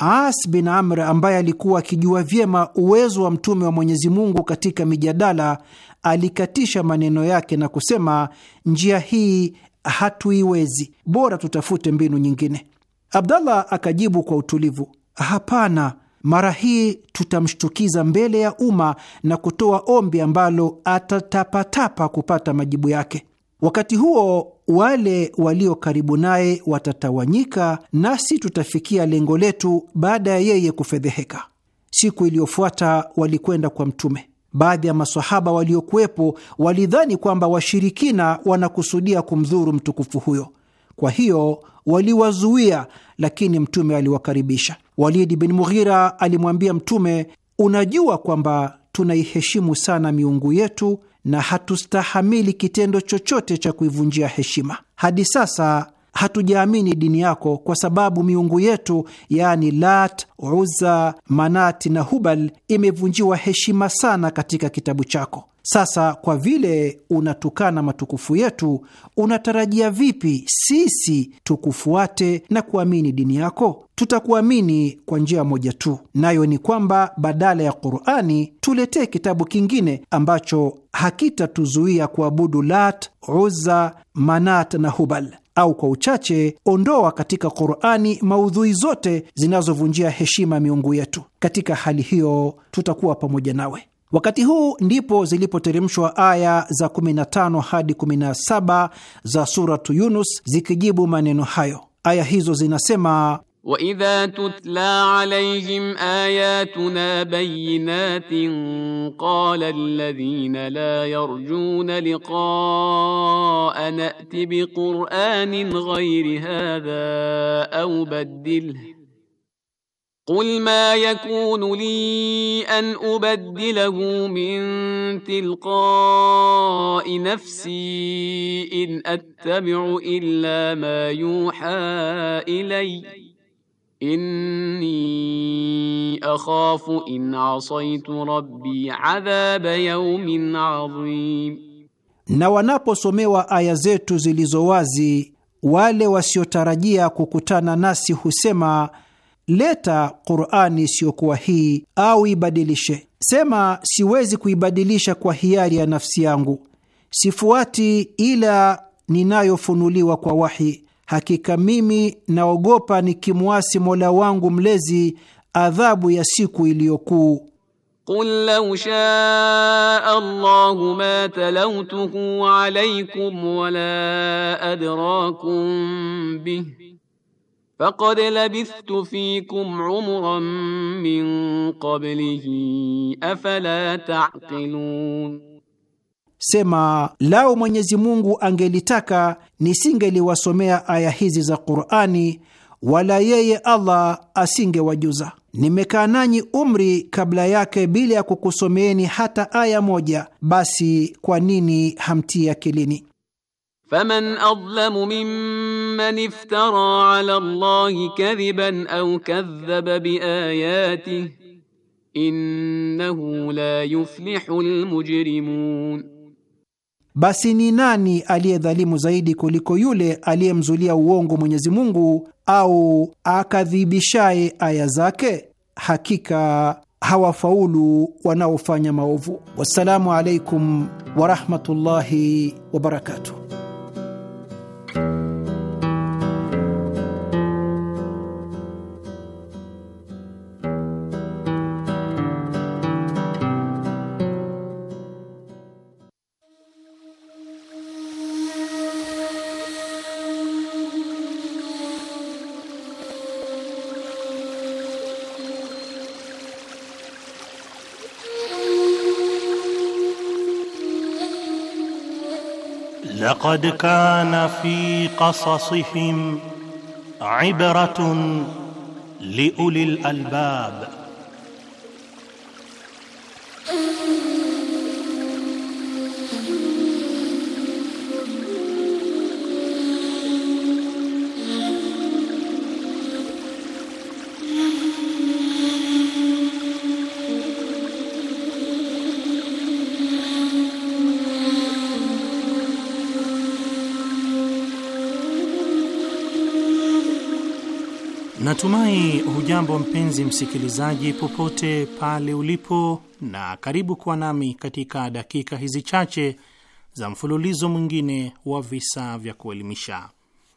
as bin Amr ambaye alikuwa akijua vyema uwezo wa mtume wa Mwenyezi Mungu katika mijadala, alikatisha maneno yake na kusema, njia hii hatuiwezi, bora tutafute mbinu nyingine. Abdallah akajibu kwa utulivu, hapana, mara hii tutamshtukiza mbele ya umma na kutoa ombi ambalo atatapatapa kupata majibu yake. Wakati huo wale walio karibu naye watatawanyika, nasi tutafikia lengo letu baada ya yeye kufedheheka. Siku iliyofuata walikwenda kwa Mtume. Baadhi ya masahaba waliokuwepo walidhani kwamba washirikina wanakusudia kumdhuru mtukufu huyo, kwa hiyo waliwazuia, lakini Mtume aliwakaribisha. Walidi bin Mughira alimwambia Mtume, unajua kwamba tunaiheshimu sana miungu yetu na hatustahamili kitendo chochote cha kuivunjia heshima. Hadi sasa hatujaamini dini yako kwa sababu miungu yetu yaani Lat, Uzza, Manati na Hubal imevunjiwa heshima sana katika kitabu chako. Sasa kwa vile unatukana matukufu yetu, unatarajia vipi sisi tukufuate na kuamini dini yako? Tutakuamini kwa njia moja tu, nayo ni kwamba badala ya Qur'ani tuletee kitabu kingine ambacho hakitatuzuia kuabudu Lat, Uzza, Manat na Hubal au kwa uchache ondoa katika Qur'ani maudhui zote zinazovunjia heshima miungu yetu. Katika hali hiyo tutakuwa pamoja nawe. Wakati huu ndipo zilipoteremshwa aya za 15 hadi 17 za Suratu Yunus zikijibu maneno hayo. Aya hizo zinasema: واذا تتلى عليهم اياتنا بينات قال الذين لا يرجون لقاء نات بقران غير هذا او بدله قل ما يكون لي ان ابدله من تلقاء نفسي ان اتبع الا ما يوحى الي inni akhafu in asaitu rabbi adhaba yaumin adhim, na wanaposomewa aya zetu zilizo wazi wale wasiotarajia kukutana nasi husema leta Qur'ani isiyokuwa hii au ibadilishe. Sema siwezi kuibadilisha kwa hiari ya nafsi yangu, sifuati ila ninayofunuliwa kwa wahi Hakika mimi naogopa nikimwasi Mola wangu mlezi adhabu ya siku iliyokuu. Qul law shaa Allahu ma talawtuhu alaykum wala adrakum bih faqad labithtu fikum umran min qablihi afala taqilun Sema, lao Mwenyezi Mungu angelitaka nisingeliwasomea aya hizi za Qur'ani, wala yeye Allah asingewajuza. Nimekaa nanyi umri kabla yake bila ya kukusomeeni hata aya moja, basi kwa nini hamtii akilini? Faman adlamu mimman iftara ala Allahi kadhiban au kadhaba biayatihi innahu la yuflihu almujrimun basi ni nani aliyedhalimu zaidi kuliko yule aliyemzulia uongo Mwenyezi Mungu au akadhibishaye aya zake? Hakika hawafaulu wanaofanya maovu. Wassalamu alaikum warahmatullahi wabarakatuh. لقد كان في قصصهم عبره لاولي الالباب Natumai hujambo mpenzi msikilizaji, popote pale ulipo, na karibu kuwa nami katika dakika hizi chache za mfululizo mwingine wa visa vya kuelimisha,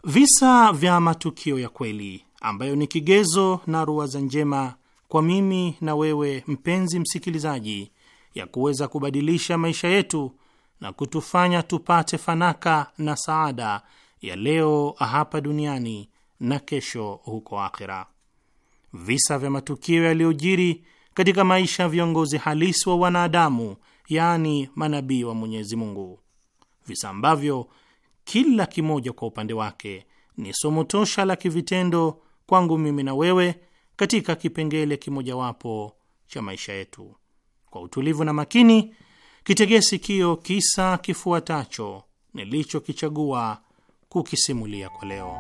visa vya matukio ya kweli ambayo ni kigezo na ruwaza njema kwa mimi na wewe mpenzi msikilizaji, ya kuweza kubadilisha maisha yetu na kutufanya tupate fanaka na saada ya leo hapa duniani na kesho huko akhira. Visa vya matukio yaliyojiri katika maisha ya viongozi halisi wa wanadamu, yaani manabii wa Mwenyezi Mungu, visa ambavyo kila kimoja kwa upande wake ni somo tosha la kivitendo kwangu mimi na wewe katika kipengele kimojawapo cha maisha yetu. Kwa utulivu na makini, kitegee sikio kisa kifuatacho nilichokichagua kukisimulia kwa leo.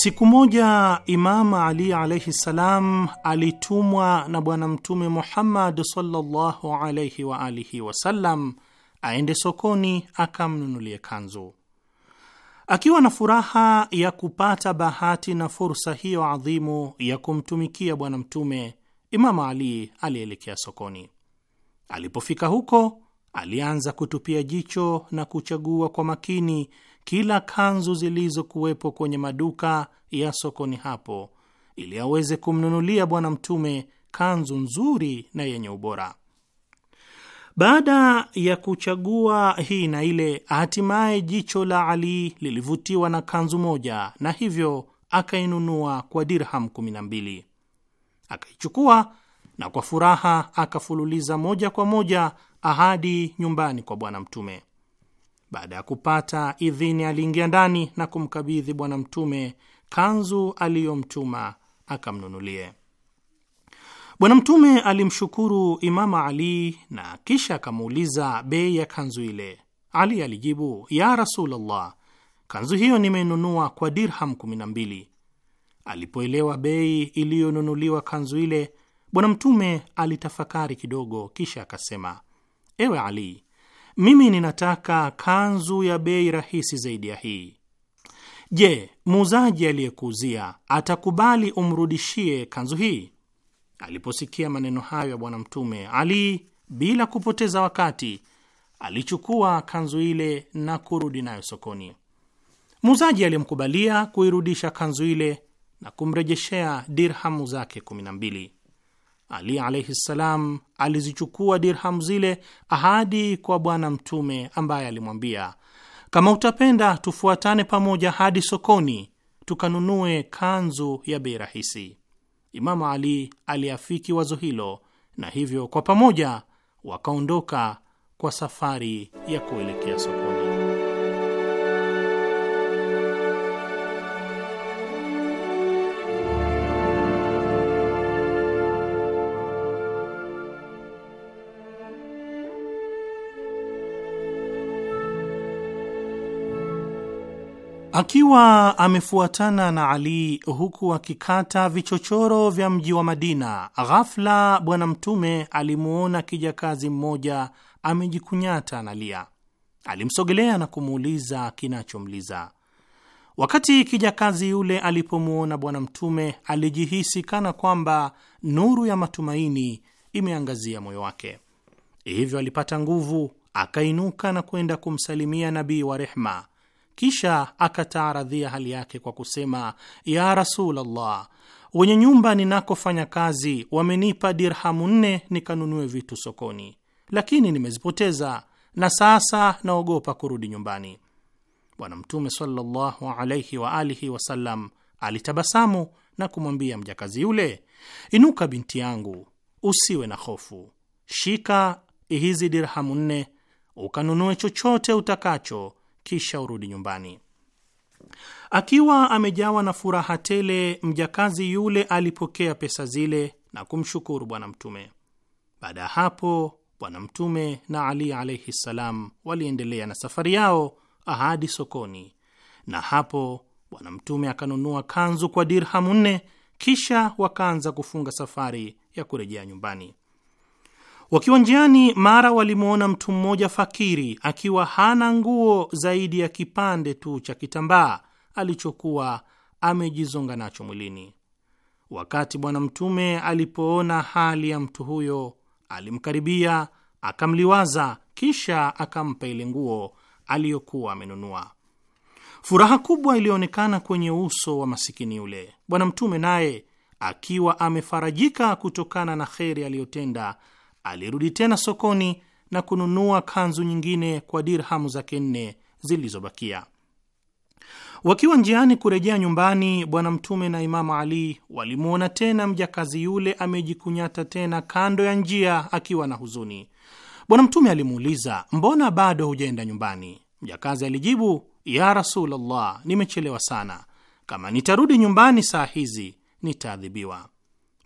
Siku moja Imam Ali alaihi ssalam alitumwa na Bwana Mtume Muhammad sallallahu alaihi wa alihi wasallam aende sokoni akamnunulie kanzu. Akiwa na furaha ya kupata bahati na fursa hiyo adhimu ya kumtumikia Bwana Mtume, Imamu Ali alielekea sokoni. Alipofika huko, alianza kutupia jicho na kuchagua kwa makini kila kanzu zilizokuwepo kwenye maduka ya sokoni hapo ili aweze kumnunulia Bwana Mtume kanzu nzuri na yenye ubora. Baada ya kuchagua hii na ile, hatimaye jicho la Ali lilivutiwa na kanzu moja, na hivyo akainunua kwa dirham kumi na mbili. Akaichukua na kwa furaha akafululiza moja kwa moja ahadi nyumbani kwa Bwana Mtume. Baada ya kupata idhini, aliingia ndani na kumkabidhi Bwana Mtume kanzu aliyomtuma akamnunulie. Bwana Mtume alimshukuru Imama Ali na kisha akamuuliza bei ya kanzu ile. Ali alijibu, ya Rasulullah, kanzu hiyo nimenunua kwa dirham kumi na mbili. Alipoelewa bei iliyonunuliwa kanzu ile, Bwana Mtume alitafakari kidogo, kisha akasema, ewe Ali, mimi ninataka kanzu ya bei rahisi zaidi ya hii. Je, muuzaji aliyekuuzia atakubali umrudishie kanzu hii? Aliposikia maneno hayo ya Bwana Mtume, Ali bila kupoteza wakati alichukua kanzu ile na kurudi nayo sokoni. Muuzaji alimkubalia kuirudisha kanzu ile na kumrejeshea dirhamu zake kumi na mbili. Ali alaihi ssalam alizichukua dirhamu zile ahadi kwa Bwana Mtume, ambaye alimwambia kama utapenda tufuatane pamoja hadi sokoni tukanunue kanzu ya bei rahisi. Imamu Ali aliafiki wazo hilo, na hivyo kwa pamoja wakaondoka kwa safari ya kuelekea sokoni. akiwa amefuatana na Ali huku akikata vichochoro vya mji wa Madina. Ghafla Bwana Mtume alimuona kijakazi mmoja amejikunyata analia. Alimsogelea na kumuuliza kinachomliza. Wakati kijakazi yule alipomuona Bwana Mtume alijihisi kana kwamba nuru ya matumaini imeangazia moyo wake, hivyo alipata nguvu akainuka na kwenda kumsalimia Nabii wa rehma kisha akataaradhia hali yake kwa kusema, ya Rasulallah, wenye nyumba ninakofanya kazi wamenipa dirhamu nne nikanunue vitu sokoni, lakini nimezipoteza na sasa naogopa kurudi nyumbani. Bwana Mtume sallallahu alaihi wa alihi wasallam alitabasamu na kumwambia mjakazi yule, inuka binti yangu, usiwe na hofu, shika hizi dirhamu nne ukanunue chochote utakacho kisha urudi nyumbani. Akiwa amejawa na furaha tele, mjakazi yule alipokea pesa zile na kumshukuru Bwana Mtume. Baada ya hapo, Bwana Mtume na Ali alaihi ssalam waliendelea na safari yao ahadi sokoni, na hapo Bwana Mtume akanunua kanzu kwa dirhamu nne, kisha wakaanza kufunga safari ya kurejea nyumbani. Wakiwa njiani, mara walimwona mtu mmoja fakiri akiwa hana nguo zaidi ya kipande tu cha kitambaa alichokuwa amejizonga nacho mwilini. Wakati Bwana Mtume alipoona hali ya mtu huyo, alimkaribia akamliwaza, kisha akampa ile nguo aliyokuwa amenunua. Furaha kubwa iliyoonekana kwenye uso wa masikini yule. Bwana Mtume naye akiwa amefarajika kutokana na kheri aliyotenda alirudi tena sokoni na kununua kanzu nyingine kwa dirhamu zake nne zilizobakia. Wakiwa njiani kurejea nyumbani, Bwana Mtume na Imamu Ali walimwona tena mjakazi yule amejikunyata tena kando ya njia akiwa na huzuni. Bwana Mtume alimuuliza, mbona bado hujaenda nyumbani? Mjakazi alijibu, ya Rasulullah, nimechelewa sana. Kama nitarudi nyumbani saa hizi nitaadhibiwa.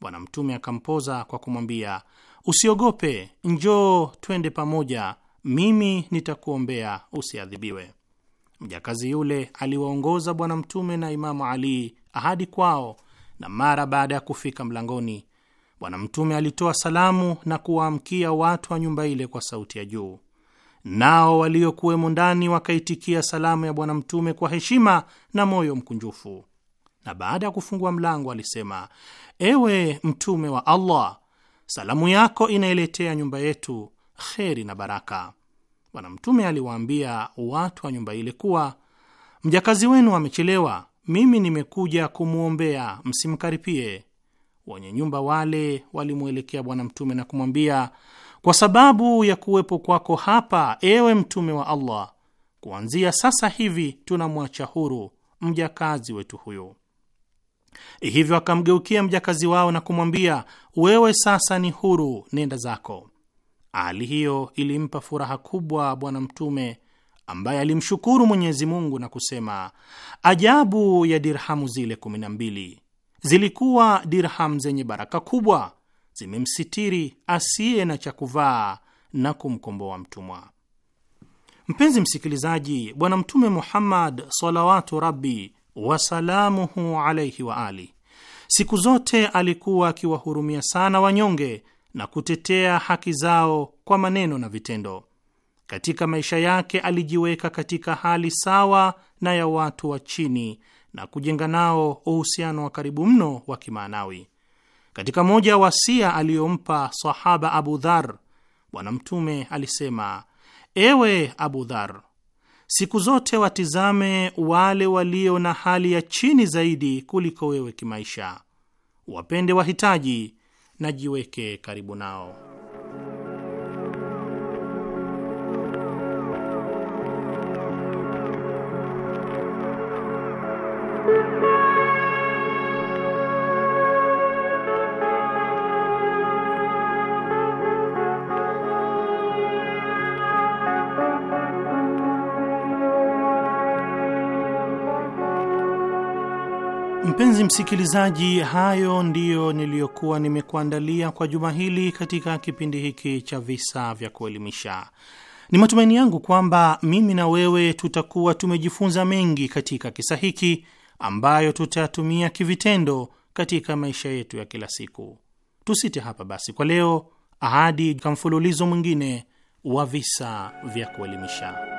Bwana Mtume akampoza kwa kumwambia Usiogope, njoo twende pamoja, mimi nitakuombea usiadhibiwe. Mjakazi yule aliwaongoza Bwana Mtume na Imamu Ali ahadi kwao, na mara baada ya kufika mlangoni, Bwana Mtume alitoa salamu na kuwaamkia watu wa nyumba ile kwa sauti ya juu, nao waliokuwemo ndani wakaitikia salamu ya Bwana Mtume kwa heshima na moyo mkunjufu. Na baada ya kufungua mlango alisema, ewe Mtume wa Allah, salamu yako inaeletea nyumba yetu kheri na baraka. Bwana Mtume aliwaambia watu wa nyumba ile kuwa mjakazi wenu amechelewa, mimi nimekuja kumwombea, msimkaripie. Wenye nyumba wale walimwelekea Bwana Mtume na kumwambia, kwa sababu ya kuwepo kwako hapa, ewe Mtume wa Allah, kuanzia sasa hivi tunamwacha huru mjakazi wetu huyu. E hivyo akamgeukia mjakazi wao na kumwambia, wewe sasa ni huru, nenda zako. Hali hiyo ilimpa furaha kubwa Bwana Mtume ambaye alimshukuru Mwenyezi Mungu na kusema, ajabu ya dirhamu zile kumi na mbili zilikuwa dirhamu zenye baraka kubwa, zimemsitiri asiye na cha kuvaa na kumkomboa mtumwa. Mpenzi msikilizaji, Bwana Mtume Muhammad salawatu rabi wasalamuhu alaihi wa ali. Siku zote alikuwa akiwahurumia sana wanyonge na kutetea haki zao kwa maneno na vitendo. Katika maisha yake alijiweka katika hali sawa na ya watu wa chini na kujenga nao uhusiano wa karibu mno wa kimaanawi. Katika moja wasia aliyompa sahaba Abu Dhar, Bwana Mtume alisema: ewe Abu Dhar, siku zote watizame wale walio na hali ya chini zaidi kuliko wewe kimaisha, wapende wahitaji na jiweke karibu nao. Mpenzi msikilizaji, hayo ndiyo niliyokuwa nimekuandalia kwa juma hili katika kipindi hiki cha visa vya kuelimisha. Ni matumaini yangu kwamba mimi na wewe tutakuwa tumejifunza mengi katika kisa hiki ambayo tutayatumia kivitendo katika maisha yetu ya kila siku. Tusite hapa basi kwa leo, ahadi kamfululizo mwingine wa visa vya kuelimisha.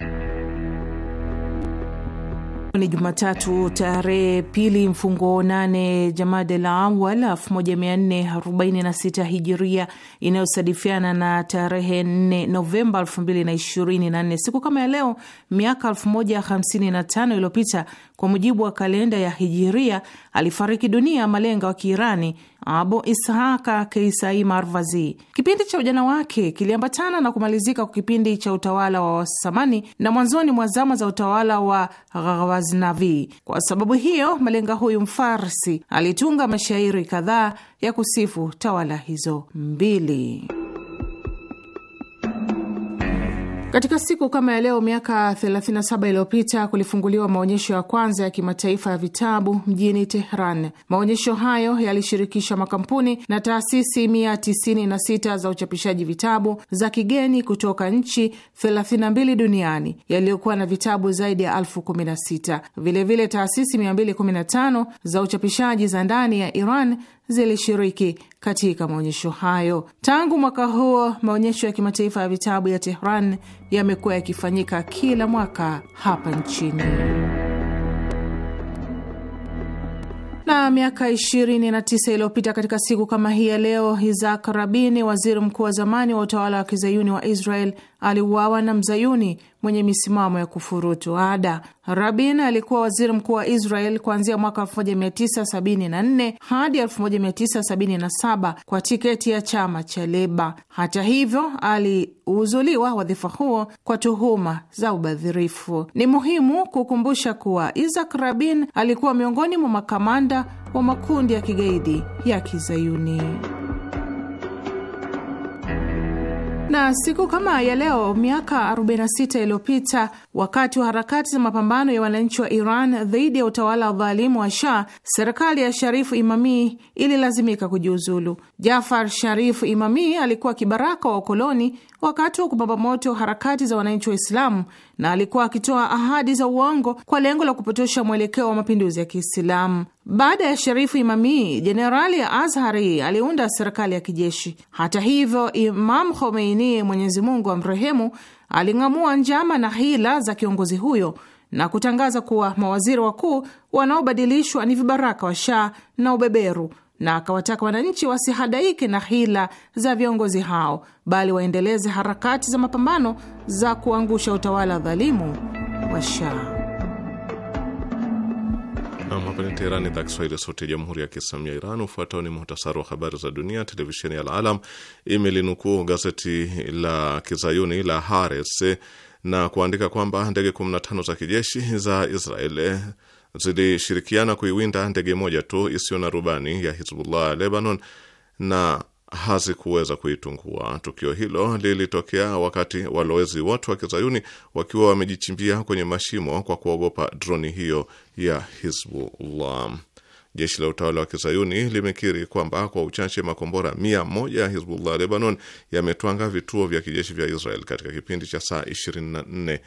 Ni Jumatatu tarehe pili mfungo nane Jamada la Awal 1446 Hijiria, inayosadifiana na tarehe 4 Novemba 2024. Siku kama ya leo miaka 1055 iliyopita, kwa mujibu wa kalenda ya Hijiria, alifariki dunia malenga wa Kiirani Abu Ishaka Keisai Marvazi. Kipindi cha ujana wake kiliambatana na kumalizika kwa kipindi cha utawala wa Wasamani na mwanzoni mwa zama za utawala wa Ghaznavi. Kwa sababu hiyo, malenga huyu Mfarsi alitunga mashairi kadhaa ya kusifu tawala hizo mbili. Katika siku kama ya leo miaka 37 iliyopita kulifunguliwa maonyesho ya kwanza ya kimataifa ya vitabu mjini Tehran. Maonyesho hayo yalishirikisha makampuni na taasisi 196 za uchapishaji vitabu za kigeni kutoka nchi 32 duniani yaliyokuwa na vitabu zaidi ya elfu 16. Vilevile taasisi 215 za uchapishaji za ndani ya Iran zilishiriki katika maonyesho hayo. Tangu mwaka huo, maonyesho ya kimataifa ya vitabu ya Tehran yamekuwa yakifanyika kila mwaka hapa nchini. Na miaka 29 iliyopita katika siku kama hii ya leo, Isaac Rabini, waziri mkuu wa zamani wa utawala wa kizayuni wa Israel aliuawa na mzayuni mwenye misimamo ya kufurutu ada. Rabin alikuwa waziri mkuu wa Israel kuanzia mwaka 1974 hadi 1977 kwa tiketi ya chama cha Leba. Hata hivyo, aliuzuliwa wadhifa huo kwa tuhuma za ubadhirifu. Ni muhimu kukumbusha kuwa Isaac Rabin alikuwa miongoni mwa makamanda wa makundi ya kigaidi ya kizayuni. Na siku kama ya leo miaka 46 iliyopita, wakati wa harakati za mapambano ya wananchi wa Iran dhidi ya utawala wa dhalimu wa Shah, serikali ya Sharifu imami ililazimika kujiuzulu. Jafar Sharif Imami alikuwa kibaraka wa ukoloni wakati wa kupamba moto harakati za wananchi wa Islamu na alikuwa akitoa ahadi za uongo kwa lengo la kupotosha mwelekeo wa mapinduzi ya Kiislamu. Baada ya Sharifu Imami, jenerali ya Azhari aliunda serikali ya kijeshi. Hata hivyo, Imam Khomeini, Mwenyezi Mungu amrehemu, aling'amua njama na hila za kiongozi huyo na kutangaza kuwa mawaziri wakuu wanaobadilishwa ni vibaraka wa Shah na ubeberu na akawataka wananchi wasihadaike na hila za viongozi hao, bali waendeleze harakati za mapambano za kuangusha utawala dhalimu wa Shah. Nam, hapa ni Teherani, idhaa Kiswahili, sauti ya jamhuri ya kiislamu ya Iran. Ufuatao ni muhtasari wa habari za dunia. Televisheni ya Alalam imelinukuu gazeti la kizayuni la Hares na kuandika kwamba ndege 15 za kijeshi za Israeli zilishirikiana kuiwinda ndege moja tu isiyo na rubani ya Hizbullah Lebanon na hazikuweza kuitungua. Tukio hilo lilitokea wakati walowezi wote wa kizayuni wakiwa wamejichimbia kwenye mashimo kwa kuogopa droni hiyo ya Hizbullah. Jeshi la utawala wa kizayuni limekiri kwamba kwa uchache makombora mia moja ya Hizbullah Lebanon yametwanga vituo vya kijeshi vya Israel katika kipindi cha saa 24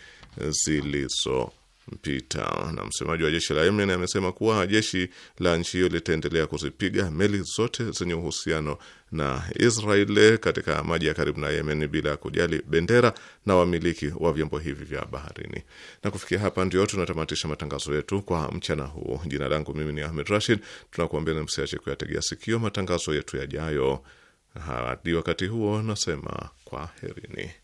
zilizo mpita. Na msemaji wa jeshi la Yemen amesema kuwa jeshi la nchi hiyo litaendelea kuzipiga meli zote zenye uhusiano na Israel katika maji ya karibu na Yemen bila ya kujali bendera na wamiliki wa vyombo hivi vya baharini. Na kufikia hapa ndio tunatamatisha matangazo yetu kwa mchana huu. Jina langu mimi ni Ahmed Rashid, tunakuambia msiache kuyategea sikio matangazo yetu yajayo. Hadi wakati huo, nasema herini.